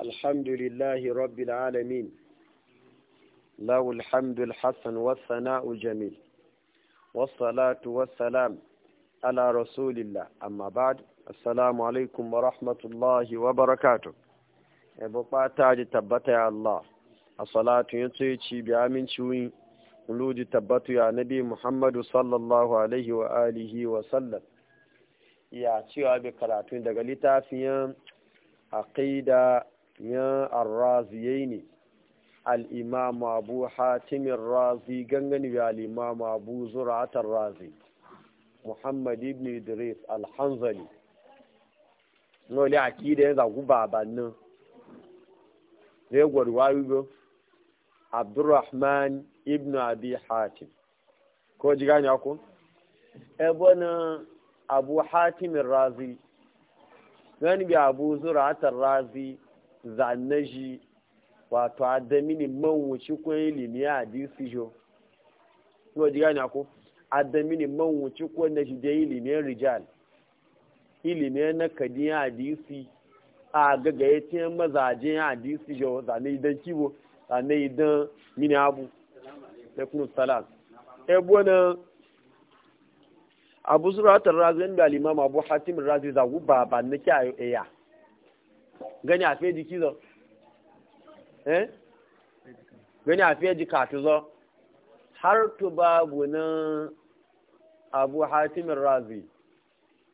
الحمد لله رب العالمين له الحمد الحسن والثناء الجميل والصلاة والسلام على رسول الله أما بعد السلام عليكم ورحمة الله وبركاته أبقى تاج تبت يا الله الصلاة ينتهي بعمل شوين ولود تبت يا نبي محمد صلى الله عليه وآله وسلم ya cewa bai karatun daga littafin aqida ya arraziyai ne al'imam abu hatimin razi gangani da al'imam abu zura'atar razi muhammad ibn idris alhanzali nole akida ya zagu babannin zai gwarwa yiwu abdurrahman ibn abi hatim ko ji gani ako ebe na abu hatimin razi gani bi abu zura'atar razi zanaji wato adamini manwuci kun ilimi a hadisi jo ko ji gane ko adamini manwuci ko na shi da ilimin rijal ilimin na kadin hadisi a gaga ya mazaje a hadisi jo zane idan kibo zane idan mini abu da kuma salam ebo na abu suratar razin da limam abu hatimin razi zagu ba nake a eya gani a fiye jiki zo eh gani a fiye jika tu zo har tu babu na abu hatimin razi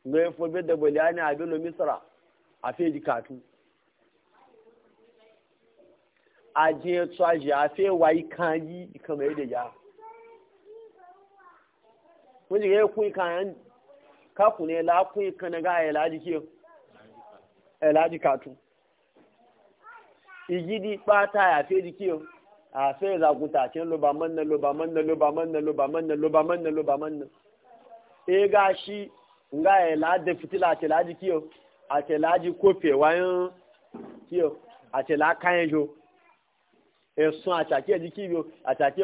yi fobe da buliyani a bilo misra a fiye jika tu a jiye tsaji a fiye wayi kan yi kamar yadda ya kun ji ga yi kun kan kaku ne la kun kan ga ya la jiki ẹ̀láàjì eh, kàtù ìgidi pátá àfẹ́ ìdíkí o àfẹ́ ìlàgùntà ń lọba mọ́nà lọba mọ́nà lọba mọ́nà lọba mọ́nà lọba mọ́nà lọba mọ́nà ega shi nga ẹ̀láàdẹ fìtílà àti ẹ̀láàjì kí o àti ẹ̀láàjì kí o àti ẹ̀láàkáyẹn yo àti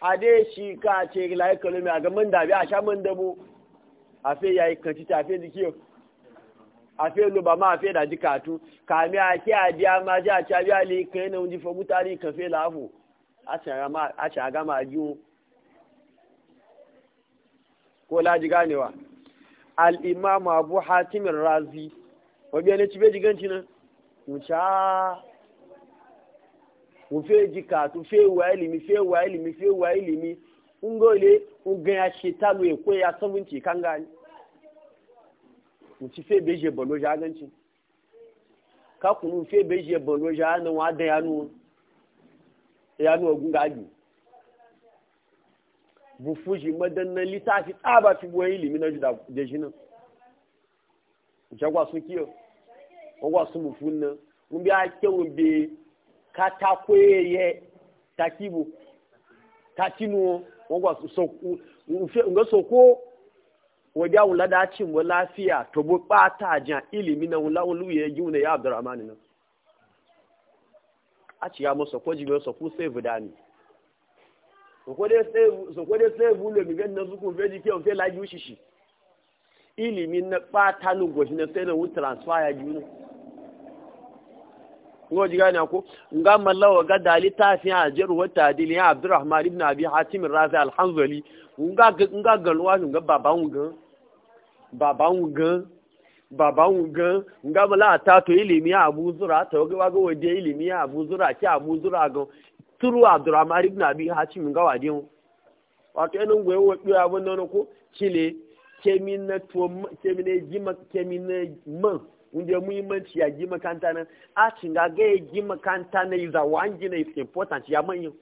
ade shi ka ce layi kalomi a gamin dabi a sha man dabo a fe ya yi kanci ta fe dikiyo a fe lo ba ma a fe da ji katu kami a ke a biya ma ji a ca biya le kan na wunji fa tari kan fe lafu a ci a gama a jiwo ko laji ganewa al'imamu abu hatimin razi wabi yana ci be jiganci nan wuce ufe jikatu fe wa ilimi fe wa ilimi fe wa ilimi ungole ugan ya shetalu ekwe ya sabunci kan gani uci fe beje bolo jaganci ka kunu fe beje bolo jana wa da yanu yanu ogun gaji bu fuji madanna litafi tsaba fi boye ilimi na juda da jinan jagwa sun kiyo ogwa sun mufun nan mun biya kyawun be katakweye takibu takinuwo wangwa soku nga soko wajen wula dacin lafiya to bu bata jan ilimi na wula wulu ya yi ya abdurrahman nan a ciya masa ko jibiyar soku sai budani soko de sai bulo mi gan na ke la yi shi ilimi na bata lugoshi na sai na transfer ya yi kuma ji gane ko nga mallawa ga dali tafi a jaru wata dili ya abdurrahman ibn abi hatim rafi alhanzali nga nga galwa nga baban ga baban ga baban ga nga mala ta to ilimi ya abu zura ta ga ga wade ilimi ya abu zura ki abu zura ga turu abdurrahman ibn abi hatim wa wade wato enin gwe wo biyo abun nan ko chile kemin na tuwa kemin na jima kemin na man wunde muhimmanci ya gi makanta nan a cinga ga ya gi makanta na yi zawo an gina is important ya manyan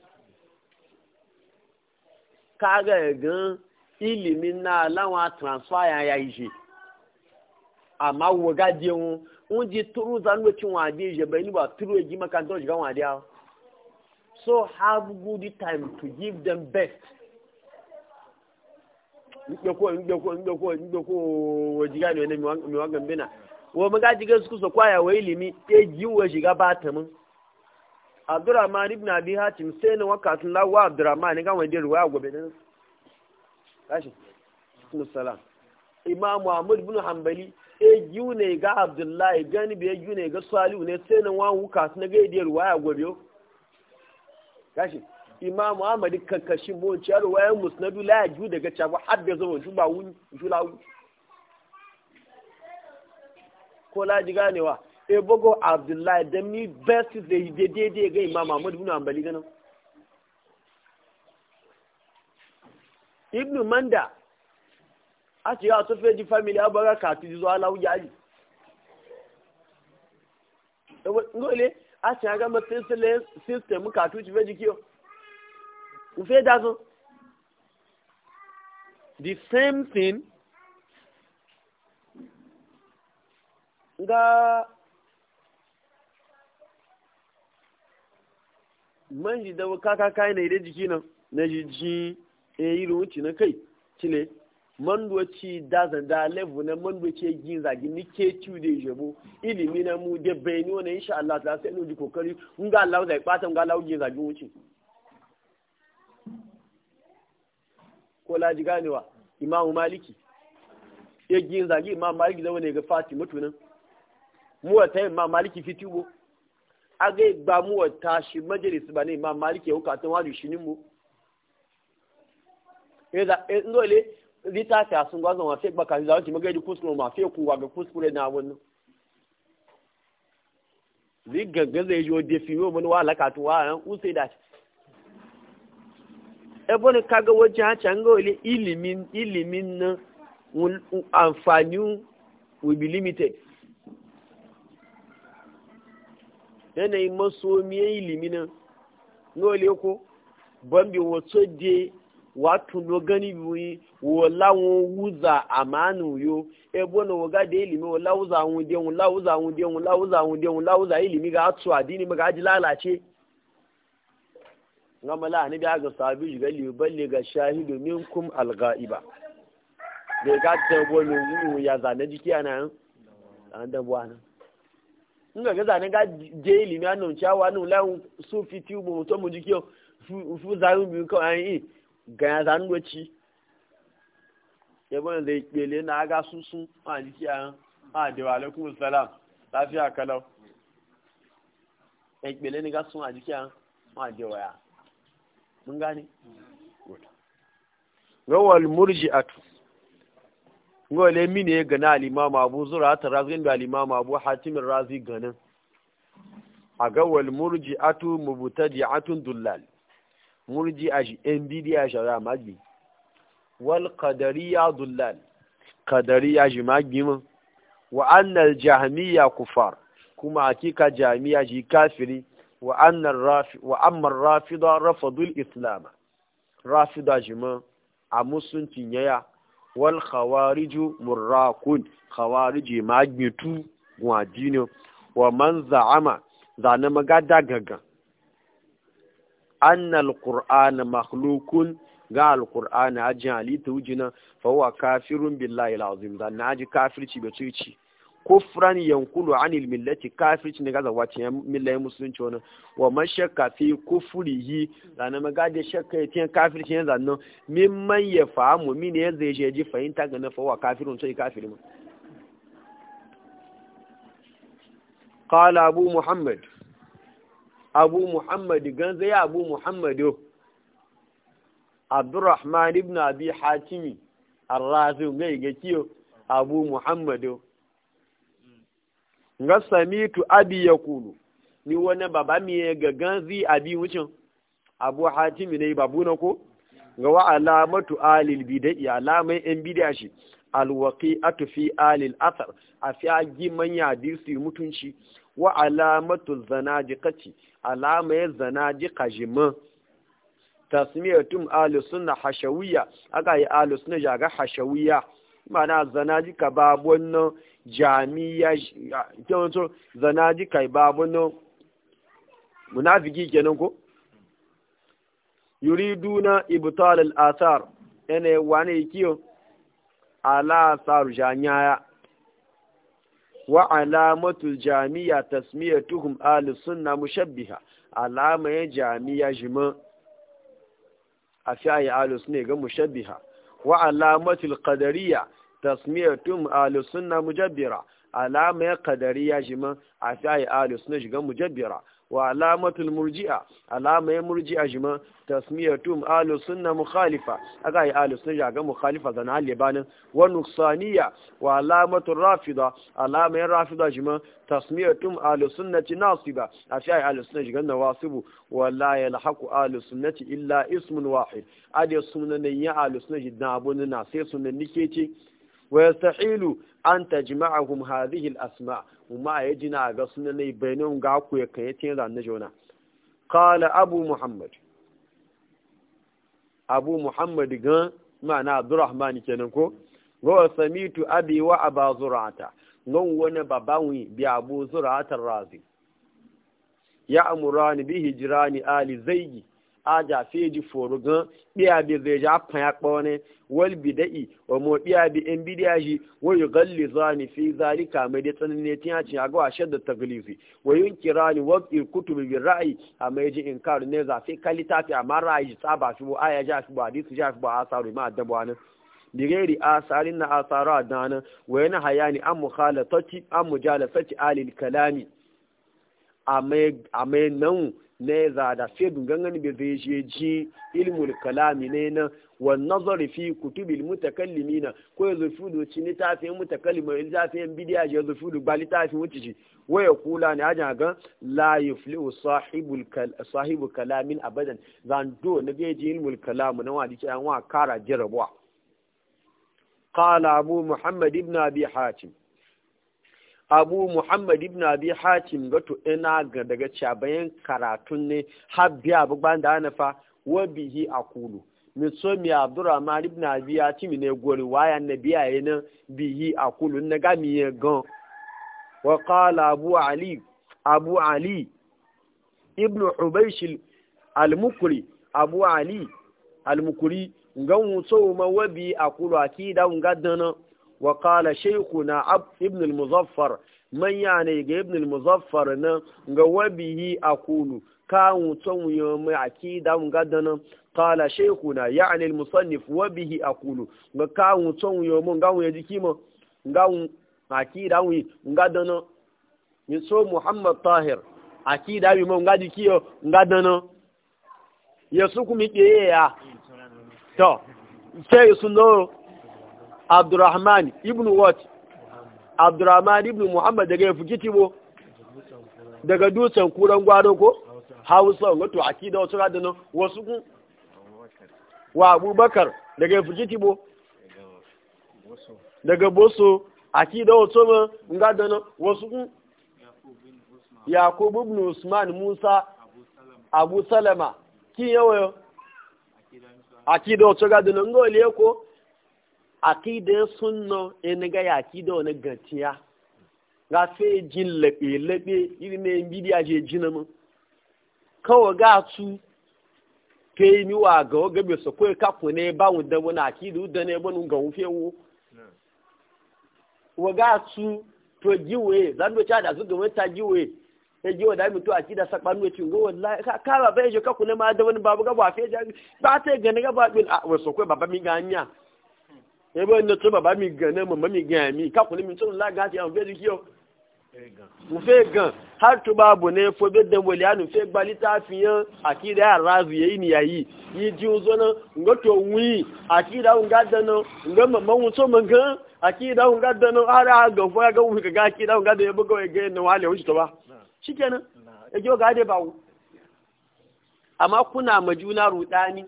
kaga gan ilimin na lawa transfer ya ya yi amma waga diyan un ji turu zanwacin wade je bai ni ba turu ya gi makanta wajen wade so have good time to give them best ndoko ndoko ndoko ndoko wajigani wene miwanga mbena wa maga jiga su kusa kwaya wa ilimi ke jiwa shiga batamin abdurrahman ibn abi hatim sai na wakatun lawa abdurrahman ga wanda ruwaya gobe din kashi musallam imam muhammad ibn hanbali e june ga abdullahi gani be june ga salihu ne sai na wawu kasu na gaidiyar ruwaya gobe kashi imam ahmad kankashin mun ciyar ruwayan musnadu la ju daga chabu habbe zama juba wuni jula wuni kola ko ne wa e bogo abdullahi dan ni best da daidai ga imam ahmad ibn hanbali ganin ibn manda a ti yá tó fẹ́ di family abọ́rẹ́ kàtí ìzọ aláwùjá yìí ngóòlé a ti yá gámọ́ sísílẹ̀ system kàtí ìjì fẹ́ di kí o ìfẹ́ dásán the same thing ga manji da kaka kai na ire jiki nan na jiji e yi ruwanci na kai cile man doci da zanda levu na man doci gin zagi ni ke ciu da jabo ilimi na mu da ni wani insha Allah ta sai no kokari mun ga Allah zai fata mun ga Allah gin zagi wuce ko laji ganewa imamu maliki ya e, gin zagi imamu maliki zama ne ga fati mutunan muwata imam maliki fitiwo aga igba muwata shi majalis ba ne imam maliki ya hukatan wani shi mu e e, ngole litafi a sun gwazon wa fek baka zawon ki magaji kuskure ma fi kuwa ga kuskure na wannan zai gangan zai yi defi yau mani wa alakatu wa yan kusa da shi ebe kaga wajen hacci an ga ilimin ilimin na amfani will be limited maso miye yi nan nole ko ban bi wato de wato no gani biyi wala won wuza amanu yo ebo no waga de ilimi wala wuza won de wala wuza won de wala wuza won de wala wuza ilimi ga atu adini maga ji lalace ngamala ni da ga sabi ji gali balle ga shahidu minkum alghaiba de ga da bonu ya zane jiki ana an da bwana nga ga zane ga je ilimi anu cha wa nu la su fiti bu to mu jikio fu za ru bi ko an yi ga ya zan do e ci ya bon zai pele na ga susu ma jiki an a de wa alaikum salam lafiya kalau e pele ni ga sun a jiki an ma de wa ya mun gane good rawal murji'atu ngo mini mine gana alimama Abu Zur'a tarazi da al Abu Hatim razi ganin aga wal murji'atu atun dullal murji shi en a shara magi. wal kadari ya dullal ya shi magi mun wa annal jahmiyya kufar kuma hakika jami'a shi kafiri wa annal rafi wa ammar dul rafadul islam da shi ma a musuncin yaya wal khawariju murrakun khawariji magnitu wa wa man za'ama zane magada gaga anna alquran makhluqun ga alquran ajali tujina fa huwa kafirun billahi alazim da naji kafirci be tuci kufran yankulu anil millati kafirci ne ga zawace millaye musulunci wani wa mashakka fi kufurihi zane magade shakka ya tiyan kafirci yanzu min man ya famu mini ya zai je ji fahimta ga nafa wa kafirun sai kafiri ma qala abu muhammad abu muhammad ganza ya abu muhammad abdurrahman ibn abi hatimi الرازي غيغي abu muhammad محمد nga tu abi ya kulu ni wani baba mi ga ganzi abi wucin abu hatimi ne babu na ko ga wa alamatu alil bidai alamai yan bidai shi alwaki atu fi alil asar a fi agi manya mutunci wa alamatu zanajikaci alamai zanajika jiman tasmiyatum ahli sunna hashawiya aka yi ahli sunna jaga hashawiya mana zanajika babu wannan jami'a kyawun so zanaji kai babu nan munafiki kenan ko yuriduna ibtal al-athar ene wane kiyo ala athar janyaya wa alamatu jami'a tasmiyatuhum ahli sunna mushabbiha alama ya jami'a jima afi ayi ahli sunna ga mushabbiha wa alamatu al-qadariyya tasmiyatum ahlus sunna mujabbira alama ya kadariya shi ma a fiye ahlus sunna shiga mujabbira wa alamatul murji'a alama ya murji'a shi ma tasmiyatum ahlus sunna mukhalifa aka yi ahlus sunna shiga mukhalifa zan hali banin wa nuksaniya wa alamatul rafida alama ya rafida shi ma tasmiyatum ahlus sunnati nasiba a fiye ahlus wa shiga nawasibu wala yalhaqu ahlus sunnati illa ismun wahid ade sunan ya ahlus sunna shi dan abun na sai sunan nike ce ويستحيل أن تجمعهم هذه الأسماء وما يجنا قصنا لي بينهم قاكو يكيتين ذا نجونا قال أبو محمد أبو محمد قال معنى عبد الرحمن كنكو قال سميت أبي وأبا زرعة قال وانا باباوي بأبو زرعة الرازي يأمران بهجران آل زيي aja feji foro gan a bi zai ja fanya kpone wal bida'i wa mo a bi in bidiya ji wa yugalli zani fi zalika mai da ne tiya ci ago a da taglifi wa yunkirani wa kutub bi a amma in na ne za fi kalita fi amma ji ta ba fi bo aya ja fi bo hadisi ja fi bo asaru ma dabwa ne a asarin na asara dana wa yana hayani an mukhalatati an mujalasati alil kalami a me nan ne za da sai dungangani bai zai je ji ilmul kalami ne na wa nazari fi kutubil mutakallimina ko ya zufi da ci ni tafi mutakallima ya zafi yan bidiya ya zufi da ta fi wuce ci waya kula ne ajan ga la yuflihu sahibul sahibu kalamin abadan do na bai ji ilmul kalam na wa dike an wa kara jarabawa qala abu muhammad ibn abi hatim abu muhammad ibn abi hatim gato ina ga daga cabayin karatun ne habbi abu da ana fa wa bihi akulu so mi abdurrahman ibn abi hatim ne gori waya na biyaye na bihi Kulu na ga mi gan wa qala abu ali abu ali ibn hubaysh al-mukri abu ali al-mukri ngan so ma wabi akulu akida ngadana وقال شيخنا عبد ابن المظفر من يعني ابن المظفر نا وبه أقول كان يوم عكيدا غدنا قال شيخنا يعني المصنف وبه أقول كان يوم غاو يجيما غاو عكيدا غدنا يسو محمد طاهر عكيدا بما غادي كيو غدنا يسوكم يا تو sai su abdurrahman ibn wat abdurrahman ibn muhammad daga ya fuki daga dutsen kuran gwado ko hausa wato akida wasu radana wasu kun wa abubakar daga ya fuki daga boso akida wasu ma ngadana wasu kun yakubu ibn usman musa abu salama kin yawayo akida wasu radana ngole ko akida sunno ina ya akida wani gatiya ga fe jin laɓe laɓe iri na yin bidiya je jina mu kawo ga su ke ni wa ga o gabe so ko ka ku ne ba wanda wani akida uda ne bani ga wufe wo wa ga su to giwe zan do cha da su ga wani ta giwe sai ji e da mutu a ci da sakban mai cin gowar ka ba bai shi e kaku na ma da wani babu gaba fe ja ba ta gani gaba bin a wasu kai baba mi ga hanya ebe ẹni tó bàbá mi gan náà mọ̀mọ́ mi gan ẹ̀mí kákùnrin mi tó ń lága àti àwọn fẹ́ẹ́ kí ọ. mo fẹ́ gan ha a bá bò ní fo bẹ́ẹ̀ dẹ̀ wọlé àná fẹ́ gba lítà fihàn àkìrẹ́ àràzù ni ìnìyà yi yìí tí ó sọ náà ǹgọ́ tó wíì àkìrẹ́ àwọn gàdẹ náà ǹgọ́ mọ̀mọ́ wọn tó mọ̀ gan àkìrẹ́ àwọn gàdẹ náà ara àgàn fún ẹgbẹ́ wọn gàgà àkìrẹ́ àwọn gàdẹ ẹgbẹ́ ẹgbẹ́ náà wà lẹ̀ ó sì tọ́ wa. ṣíkẹ́ náà ẹjọ́ gàdẹ bá rudani àmọ́ kúnà àmọ̀jú náà rò dání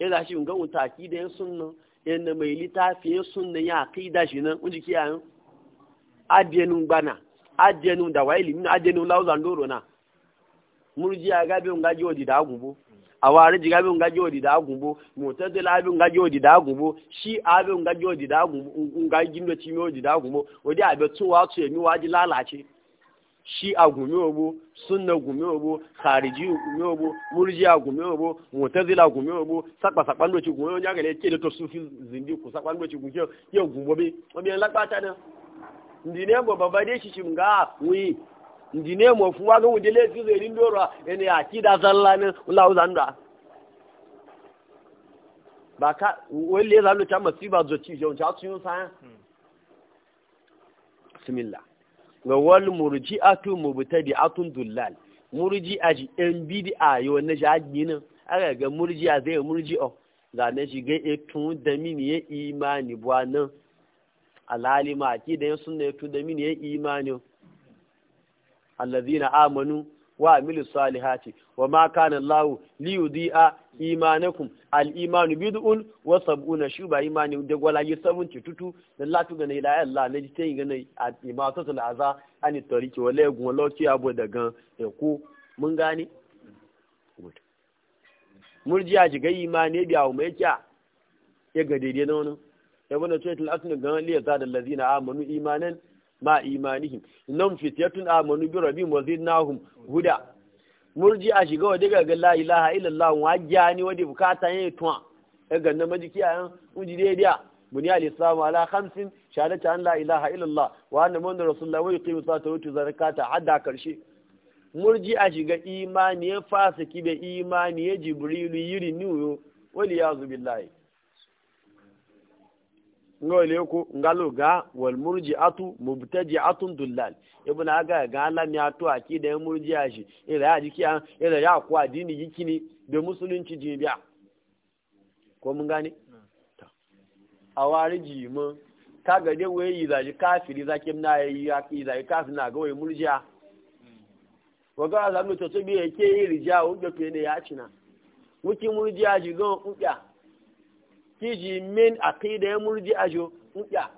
ẹ̀ yana mai littafi sunna ya aqida shi nan unji kiyayen ajenun gbana ajenun da wa ilimin ajenun lauzan doro na murjiya gabe un gaji odi da agunbo awari ji gabe un gaji odi da agunbo mutazila abi un gaji odi da agunbo shi abi un gaji odi da agunbo un gaji odi da agunbo odi abe tun wa tu emi lalace shi'a gumi obo sunna gumi obo khariji gumi obo a gumi obo mu'tazila gumi obo sakpa sakpa ndo chigun yo nyagale chele to sufi zindi ku sakpa ndo chigun yo yo gumbo bi o bi la pata na ndine mo baba de shi nga wi ndine mo fu wa gumi dele ti ze rin dora ene da zalla ne ulahu zanda baka zan zalu ta masiba zo ci jo ta tun sa hmm. bismillah ga wal murji'atu atun dullal murji aji en a yo na jaji nan aga ga a zai o ga na shi ga etun da mini ya imani bua na alalima ki da sunna etun da mini ya imani allazina amanu wa amilu salihati wa ma kana Allahu li yudi'a imanakum al imanu bid'un wa sab'una shuba imani da gola yi 70 tutu da latu ga ne la Allah ne jite ga at imatu al aza ani tariki wa legun lo ki abo da gan e ko mun gani murjiya ji ga imani biya mu kya ya ga daidai nono ya bana tuwatul asnu gan liya zadal ladina amanu imanan ma imanihim nan fityatun amanu bi rabbihim wa zidnahum huda murji a shiga wa daga ga la ilaha illallah wa jani wa di bukata yin tuwa e ga na majiki a yan uji daidai buni al islam ala khamsin shahadatu an la ilaha illallah wa anna muhammadar rasulullah wa yuqimu salata wa yutu zakata hadda karshe murji a shiga imani ya fasiki be imani ya jibrilu yiri niyo wali yazu billahi ngole ko ngalo ga wal murji'atu mubtaji'atun dullal ibn aga ga lan ya to akida murji'a shi ira ya jiki an ira ya ku adini yikini da musulunci jibiya ko mun gane a wariji mu ka ga dai wayi zaji kafiri zakim na yi ya ki zaji kafiri na ga wayi murji'a waga zamu to to biye ke irja wanda to ne ya cina wuki murji'a ji zo kuka kiji min aqida ya murji ajo mutya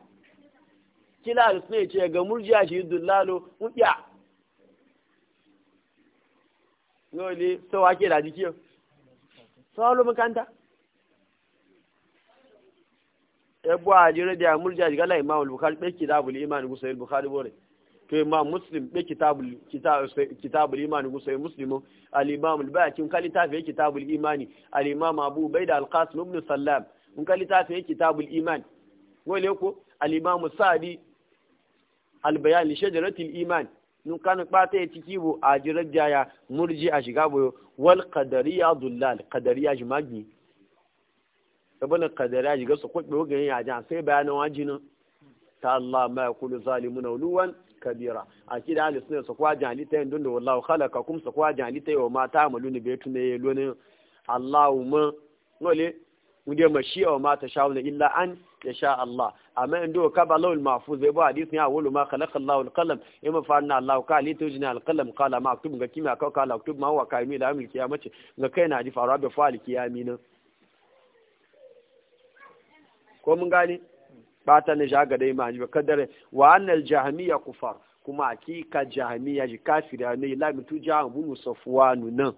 kila da sune ce ga murji ashi dullalo mutya noli so wake da jikiyo sawalo makanta ebu a jira da murji aji gala imam al-bukhari be kitabul iman gusa al-bukhari bore to imam muslim be kitabul kitabul iman gusa muslim al-imam al-baqi kan kalita kitabul imani al-imam abu bayda al-qasim ibn sallam in ka littafin kitabul iman wale ko al imamu sa'di al-bayan li shajaratil iman nun kan bata ya ciki bo a jirar murji a shiga boyo wal qadariya dullal qadariya jimagi sabana qadariya jiga su kwabe wagan ya jan sai bayanan wajinin ta Allah ma yakulu zalimuna uluwan kabira a kida ahli sunna su kwa jan lita yin dunda wallahu khalaqakum su kwa jan lita wa mata amaluna baytuna yelona Allahumma wale wunde mashi'a wa mata sha'una illa an ya sha Allah amma in doka ba lawul mahfuz bai ba hadisin ya wulu ma khalaqa Allahu al-qalam in na fa'alna Allahu ka li tujina al-qalam qala ma aktub ga kima ka kala aktub ma huwa kaimi da amil kiyamace ga kai na ji faruwa da fa'al kiyamin ko mun gani ba ta ne ga dai ma ji ba kadare wa annal jahmiya kufar kuma hakika jahmiya ji kafira ne la mutu jahamu safwanu nan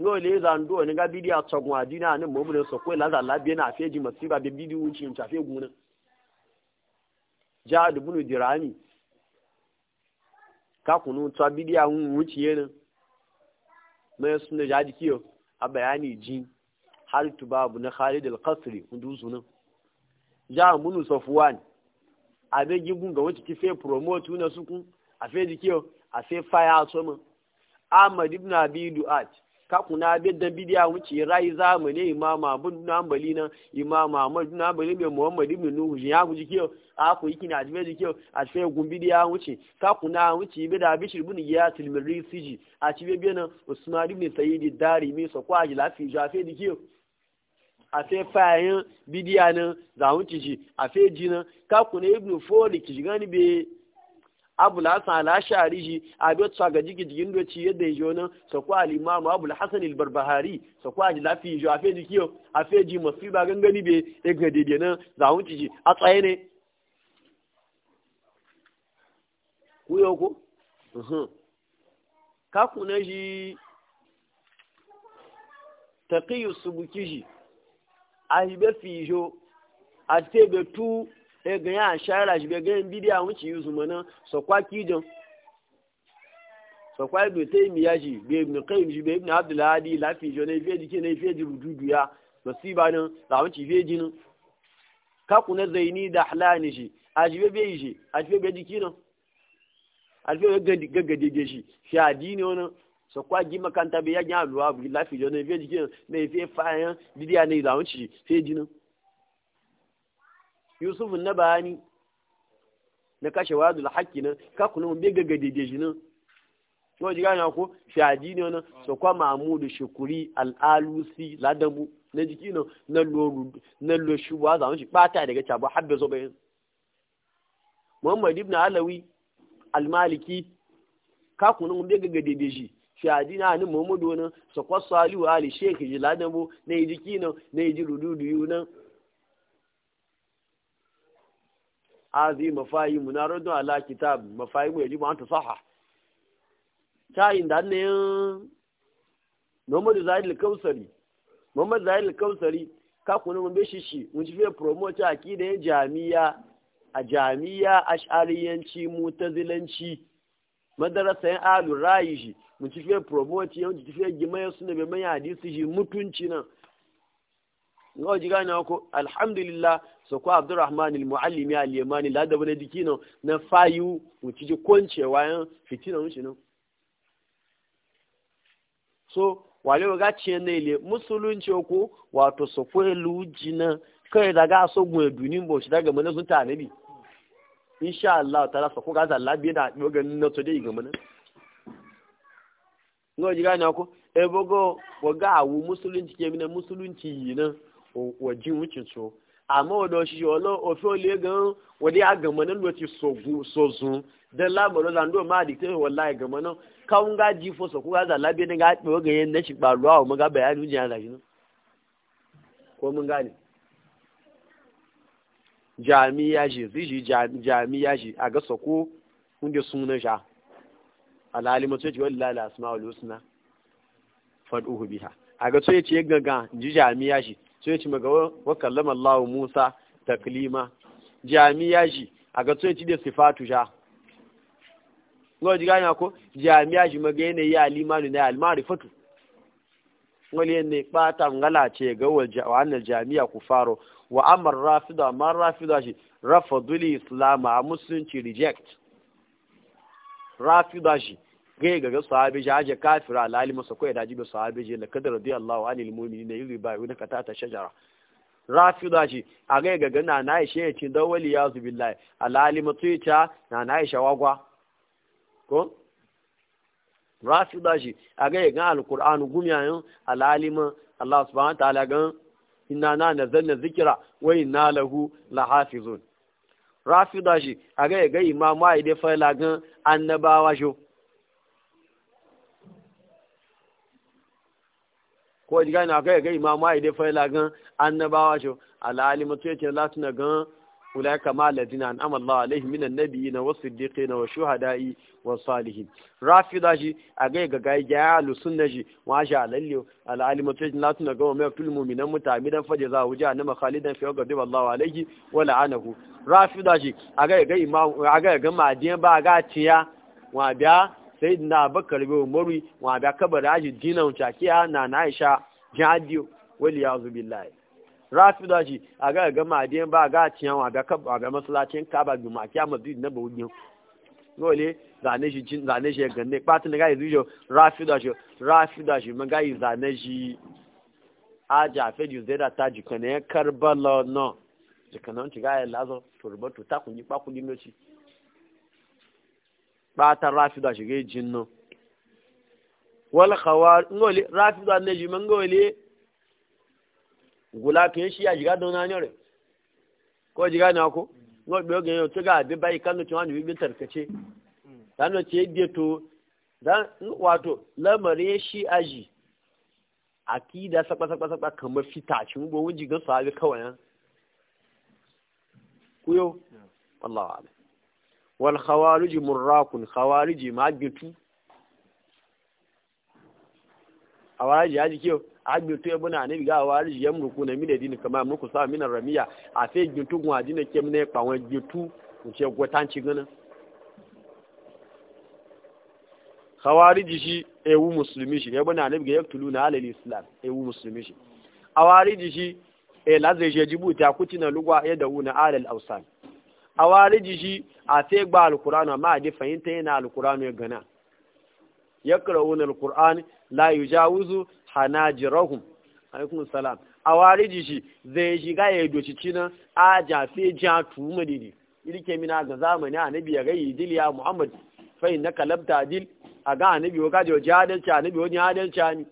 no le zando na ga bidi tsogun adina ne mo bule so ko za na afeji masiba be bidi wuci mu tafe guna ja du bunu dirani ka kunu tsa bidiya hun wuci yen me na ja dikiyo a bayani ji hal tubabu na Khalid al-Qasri hunduzunan ja bunu Safwan abe gigun ga wuci ki fe promote na sukun afeji kiyo afe fire so mu ibn Abi Duat kakuna bidan bidiya wuce rai zamani imam Ahmad ibn Hanbali nan imam amadu ibn Hanbali mai Muhammad ibn Nuhu ya ku kiyo a ku yiki na jibe kiyo a cikin gun bidiya wuce kakuna wuce bi da Bishir bin Giyas al siji a cibe bi nan Usman ibn Sayyid mai so ko ji lafi jafe dike a fe fayin bidiya nan za wuce ji a fe ji nan kakuna ibn Fori ki gani be abu hasan al-ashari ji abiyo tsa ga jigi jigin doci yadda yajo nan sa ko al-imam abul hasan al-barbahari sa ko aji lafi jo afe ji kiyo afe ji ba gangani be e gade dede nan za hunci ji a tsaye ne ku yo ko ka kuna ji taqiyu subuki ji ahibe fi jo a tebe tu e eh, ga ya shara shi ga yin bidiya wuce yusu mana sakwa kijon sakwa ibn taymiya shi ga ibn qayyim shi ga ibn na hadi lafi jo ne fiye jike ne fiye rududu ya nasiba nan da wuce fiye jinin ka kuna zaini da halani shi a shi bai shi a shi bai jiki nan a shi be gaggade shi shi adini wannan sọkwa gi makanta be ya gyan aluwa bu lafi jo ne fiye jike ne fiye fayan bidiya na da wuce fiye jinin yusuf na bayani na kashe wa zula haƙƙi nan kakunan kuna mun bega ga dedeji nan ko ji gani ko shaji ne wani sokwa kwa mahmudu shukuri al'alusi ladabu na jiki nan na lo na lo shuwa za mu shi bata daga cabo habbe zo bayan muhammad ibn alawi al-maliki kakunan kuna mun bega ga shi shaji na ni muhammadu wannan sokwa salihu ali sheikh ji ladabu na jiki nan na ji rududu nan azi mafayi munarodun ala kitab mafayi mu yajibu an saha shayin inda ne Muhammadu Zahid al-Kausari Muhammadu Zahid al-Kausari ka kuna mun bishi shi mun ji fiye promote akida ya jami'a a jami'a ash'ariyanci mutazilanci madarasa yan alu rayi mun ji fiye promote yan ji fiye gima ya suna bai mai hadisi shi mutunci nan ngo ji gane ko alhamdulillah soko Abdulrahman abdurrahman almuallimi alyamani la da dikino na fayu mu ci ji koncewa fitina mu shino so wale ga ci ne ile musulunci ko wato Soko Eluji na kai daga so gun duni bo shi daga mana sun ta nabi insha Allah ta'ala so ga zalla bi da dogan na to dai ga mana ngo ji gane ko ebogo waga awu musulunci ke mina musulunci yi na. waji wuce so amma wadda shi wala ofe ole gan wadda ya gama nan wati sozun don lamarin zando ma da ta wallahi gama nan kawun gaji fosa ko gaza labe ne ga ɗewa ga yin na shi ɓaruwa wa bayani wujen ya zashi ko mun gane jami'a shi zishi jami'a shi a ga sako inda suna sha alhalimatu ya ce wani lalasa ma'ul husna fad'uhu biha a ga so ya ce gaga sai ci maga wa kallama Allah Musa taklima jami'a ji a ga sai ci da sifatu ja ngo ji ganya ko jami'a ji maga yana ya alimanu na almarifatu wali ne bata ngala ce ga wannan jami'a ku faro wa amar rafida amar rafida shi rafadul islam a musulunci reject rafida shi gai ga sahabi ji aje kafira lalima su kai daji da sahabi ji la kadar Allahu. anil mu'minin ne yuri bai wani kata ta shajara rafida ji a gai ga gana na ishe ya ce dawali ya zu billahi alalima tuita na na yi wagwa ko rafida ji a gai ga alquran gumiyan alalima Allah subhanahu wa ta'ala gan inna na nazalna zikira wa inna lahu lahafizun rafida ji a gai ga imamu aide fa lagan annabawa sho ko ji gani akai ga imamu ai dai fa la gan annabawa sho alali mutu yake lati na gan ulai kama ladina an amalla alaihim minan nabiyina was siddiqina wa shuhada'i wa salihin rafida shi a ga ga gai ga alu sunna shi wa sha alalli alali mutu yake lati na gan wa tul mu'minan mutamidan fa jaza wuja na khalidan fi ghadib allah alaihi wa la'anahu rafida shi a ga ga imamu a ga ga madiyan ba ga tiya wa biya sai na bakar bai umaru wa da kabar aji dinan cakiya na na aisha jadiyo wali ya zubi lai rafi da shi a ga ga ma madiyan ba ga ciyan wa da kabar ga masallacin kaba bi makiya masjid na bawuyin dole zane shi jin zane shi ne patin da gayi zujo rafi da shi rafi da shi man yi zane shi aja fe ju zeda ta jikane karbala no jikana on ti gayi lazo turbo to ta kunyi pa kunyi noci batar rafida shiga jin nan wal khawar ngoli rafida ne ji mangoli gula ke shi ya shiga don nan yore ko jiga na ko ngo be ogen yo tiga be bai kan to an bibin tarkace dan ce de to dan wato lamare shi aji akida sakpa sakpa sakwa kamar fitacin go wuji ga sahabi kawai kuyo Allah alim wal khawariji murrakun khawariji magitu awaji aji kiyo agitu ya buna ne ga awaji ya murku na mine dini kama muku sa minan ramiya a fe gitu gwa dini kem ne kpawon gitu nce gwatanci gana khawariji shi ewu musulmi shi ebuna buna ne ga yaktulu na alal islam ewu musulmi shi awaji shi e lazai je jibuta kutina lugwa ya na alal awsan awaji shi a sai ba alkur'anu amma a fahimta yana alkur'anu ya gana ya ƙara'unar alkur'an la yi jawuzu hanajirahum alaikun salam a wariji shi zai shiga ya doci cina a jafe ja tuma didi irke mina ga zamani nabi ya gayi dil ya muhammad fa na kalabta dil a ga annabi wa gaje jadalci annabi wani adalci ni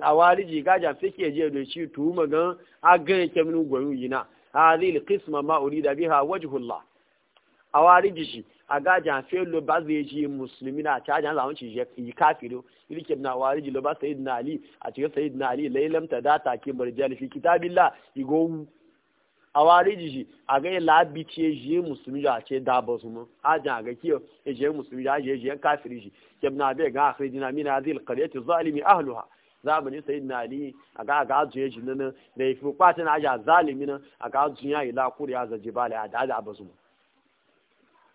a wariji ga jafe ke je doci tuma gan a ga yake min yi yina hadhihi alqisma ma urida biha wajhullah awariji shi a gajan felo ba zai ji musulmi na ta jan zamu ci yi kafiro ilike na wariji lo ba sayyidina ali a cikin sayyidina ali lailam ta data ke marjal fi kitabillah igowu awariji shi a ga labi ce ji musulmi ya ce da ba su mun ajan ga kiyo e je musulmi ya je je ahluha Za mu zamani sai na ali a ga ga azuye shi nan da yafi kwata na aja zalimi nan a ga azuya ila ya za jibala a dada abazu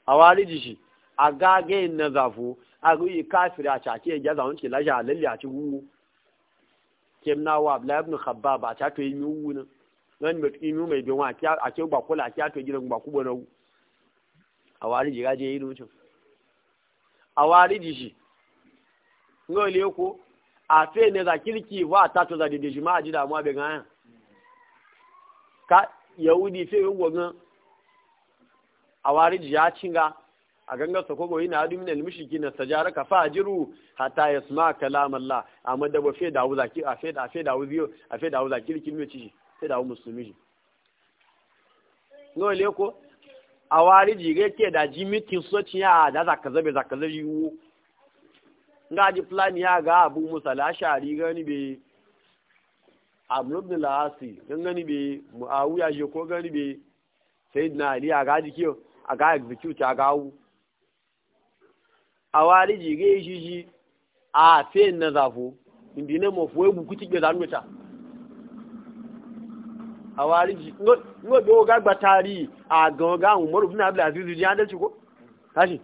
a wariji shi a ga ga yin na zafo a ga yi kafira ta ke ya zaun ke laja lalle a ci gugu kem na wa abla ibn khabbab a ta to yi yuwu nan nan mai inu mai bin wa a ke ba kula a ke to gidan ba kubo na a wariji ga je yi lucin a wariji shi ngole ko a fe ne za kirki wa ta to za da a ji damuwa bai gaya ka yahudi fe yi gwagan a ji ya cinga a gangar sa kogo yana adu minal mushriki na sajara ka fajiru hatta yasma kalam Allah amma da fe dawo za ki a fe da fe dawo biyo a fe dawo za kirki mai ci fe dawo musulmi ji no ko a ji ga ke da ji mitin so ya da za ka zabe za ka zabe yiwo nga ji plan ya ga abu musa shari gani be amr ibn asi gan gani be muawiya je ko gani be sayyidina ali aga ji kiyo aga execute aga wu awari ji ge shi a fe na zafo indi ne mo fo ebu kuti gbe lanu ta awari ji ngo ngo do o ga gba tari agan ga umar na abdul aziz ji ande ko tashi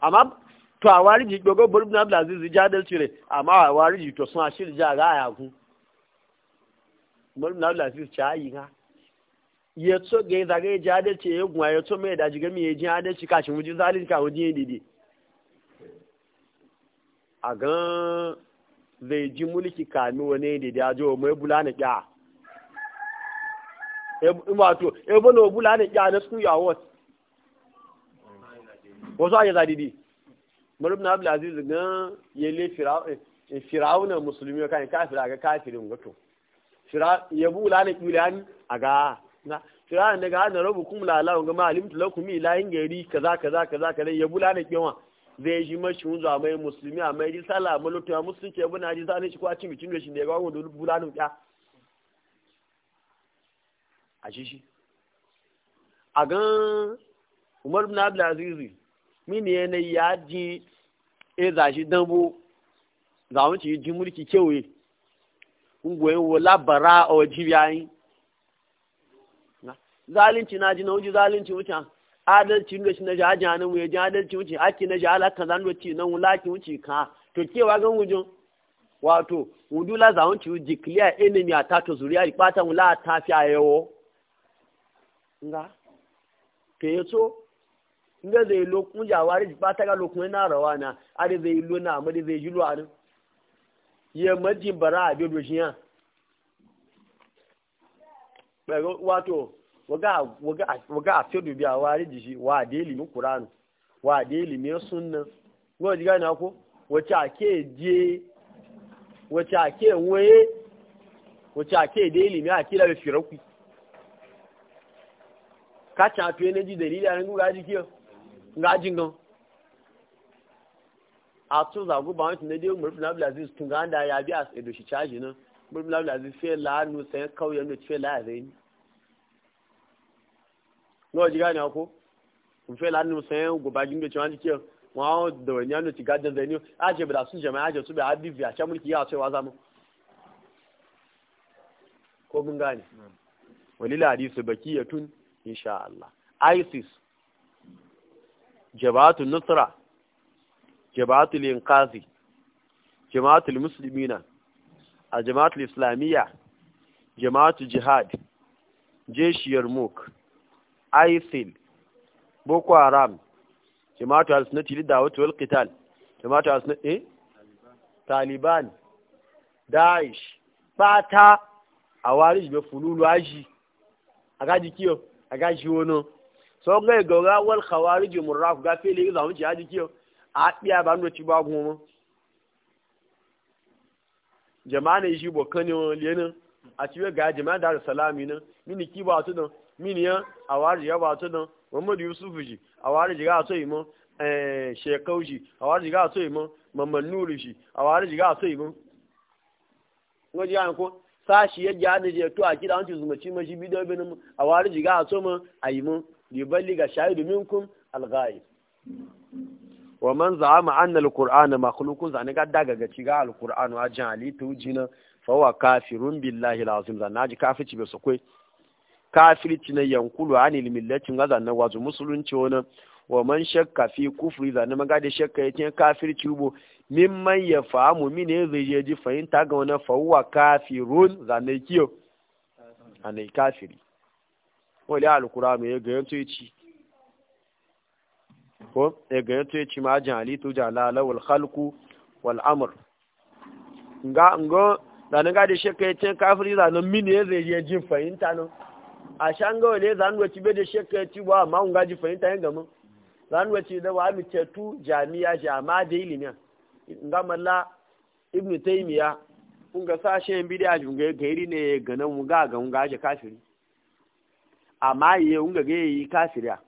amma to a wari ji gogo burbu na abdulaziz amma a ji to sun a shiri ja ku burbu na abdulaziz cha yi ha ya so ga za ga ja dal ce ya so mai da ji ga mi ji adal ci kashin wujin zalin ka wujin a gan zai ji mulki kami wani dide a jo mai e bulana e e ya marubin abdulaziz gan yele eh, eh, firawuna musulmi kan kafira ga kafirin wato yabu lana na ni a ga na firawun daga na rabu kuma lalawun la ga malim tulakum ilahin gari kaza kaza kaza kaza yabu la na kiwa zai shi mashi hunzu a mai musulmi a mai risala malutu a musulmi ke buna ji zane shi kwaci bikin da shi ne ga wani dole lana kya a shi shi a gan umar bin abdulaziz mini yana ya e ji e shi dambo za mu ci ji mulki kewe ngwe wo labara o ji na zalunci na ji na uji zalunci wuce adalci ga shi na ji ajiya nan adalci wuce ake na ji alaka zan na nan wulaki wuce ka to kewa gan wato wudula za ci ji clear a tato zuriya wula ta yawo nga ke so. nga zai lo kun jawari ji ba ta ga lokun na rawana ari zai lo na amadi zai jilo an ye majin bara a bedo shiya bago wato waga waga waga a fedo bi awari ji shi wa de limi kuranu wa de limi sunna go ji ga na ko wace ke je wace ke nwaye wace ake de limi akila be firakwi kacha to na ji dalili a guga ji kiyo ajin gan a zagu ba wani na dai murfin abdulaziz tun ga da ya bi a edo shi caji nan murfin abdulaziz fiye la'anu sayan kauyen da fiye la'a zai ni nawa ji gane ko fiye la'anu sayan gubajin da cewa jikin wọn da wani yanu ti gajen zai ni a ce bada sun jama'a aje su bai haɗi biya ce mulki ya cewa zama ko mun gane wani hadisi baki ya tun insha Allah ISIS jama'atul nusra jama'atul inqazi jama'atul musulmina a jama'atul islamiyya jama'atul jihad jeshiyar muk isil boko haram jama'atul al-sunnati lidawati wal qital jama'atul al-sunnati taliban daesh bata awarij be fululu so ga ga ga wal khawarij murraf ga fili ga mu jihadi kiyo a biya ba no ci ba mu jama'a ne shi bokani lenin a ci ga jama'a dar salami nan mini ki ba to nan mini ya awari ya ba to nan muhammad yusuf ji awari ji ga to imo eh shekau ji awari ji ga to imo mamman nuru ji awari ji ga to mu? ngoji an ko sashi ya ji hadi je to a kida an ci zumaci mashi bidiyo bin awari ji ga to mu ayi mu liballiga shahidu minkum alghaib wa man za'ama anna alqur'ana makhluqun zani ga daga ga ciga alqur'anu ajin halitta wujina fa huwa kafirun billahi alazim zanaji kafirci be sokoi kafirci na yankulu anil millati ngaza na wazu musulunci wona wa man shakka fi kufri zani maga da shakka yake kafirci ubo mimman ya famu mine zai je ji fahimta ga wani fa huwa kafirun zani kiyo anai kafiri wani alukura mai gayan ci? ko ya gayan tuyici ma jin halittu jalala wal halku wal amur ngo da nga da shekka ya cin kafiri da nan mini ya zai yi jin fahimta nan a shan ga wani za nwa ci bai da shekka ya ci ba amma nga ji fahimta yin gamin za nwa ci da wa mitattu jami'a jama da ilimin nga malla ibnu taymiya kun ga sashen bidiya kun ga gairi ne ga nan ga ga ga kafiri amma ye unga ga yi kafiriya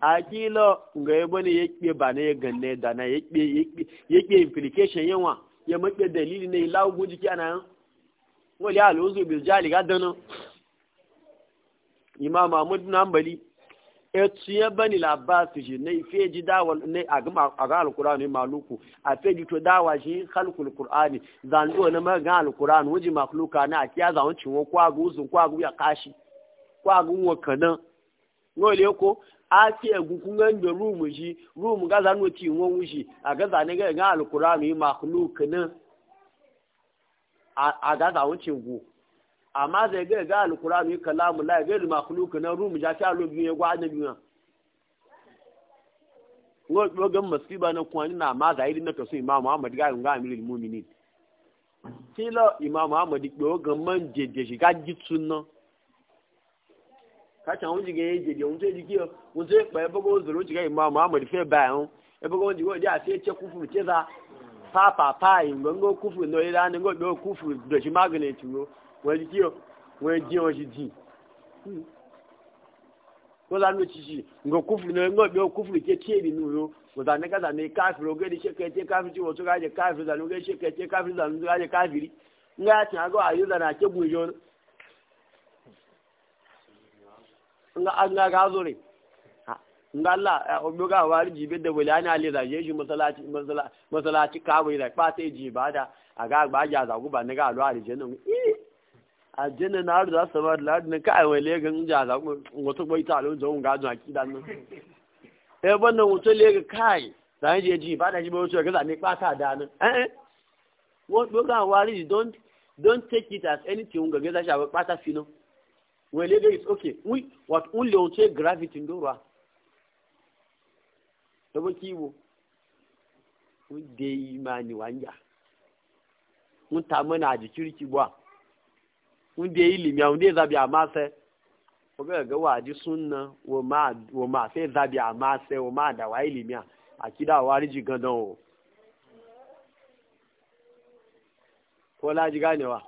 a kila unga ya bane ya kpe ba na ya ganne da na ya kpe implication yawa ya maƙe dalili ne lawo guji ki ana yan wali aluzu bil jali ga dano imam ahmad bin hanbali ya bani labas shi ne fe ji dawa ne a ga ma maluku a fe ji to dawa shi khalqul qur'ani zan do na maga alqur'ani wuji makhluka na akiya za won cinwo kwa gu sun kwa gu ya kashi kwa gu wo kadan no le ko a ti egun kun ga ndo room shi room ga zan wo ti won wushi a ga zan ga ma makhluka na a ga za won cinwo amma zai ga ga alkurani kalamu la ga ma khuluqu na rumu ja ta lobi ya gwa annabi na ngo go ga masiba na kwani na ma ga irin na to sai imam Muhammad ga ga amirul mu'minin kilo imam Muhammad go ga man ga ji sunna ka ta wuji ga je je unje ji kiyo unje e zuru ji ga imam Muhammad fe ba e, e ba go go ja sai ce kufu ce za papa pa e kufu no ira wọ́n di kí ọ wọ́n di ọ ṣe dì wọ́n lánàá ṣiṣì nǹkan kúfùrù náà ńgbọ́n bí ó kúfùrù tí tí èmi nìyó ọ̀tà nígbàtà ní káfìrí ogé ní ṣẹ́kẹ́ tí tí wọ́n tó káyẹ káfìrí dànù ogé ṣẹ́kẹ́ tí káfìrí dànù tó káyẹ káfìrí ńgbà tí àgọ́ ji bada a ga ba aljanna na za su ba da na kai wale ga inji a zaɓi wata bai ta alonzo wun gajin aki da nan ɗaya ban nan wuce le ga kai da ji ba da ba da nan eh don't don't it as anything ga gaza shi a ɓata fino wale ga is okay what only e gravity ndora ta ba kiwo a wunde ilimi a wunde zabi amase oga ga waji sunna wo ma wo ma sai zabi amase wo ma da wa ilimi a akida wariji gandan o ko laji ganewa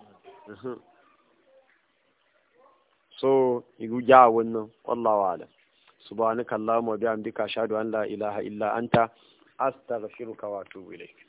so iguja wannan wallahu alam subhanakallahumma bihamdika ashhadu an la ilaha illa anta astaghfiruka wa atubu ilayk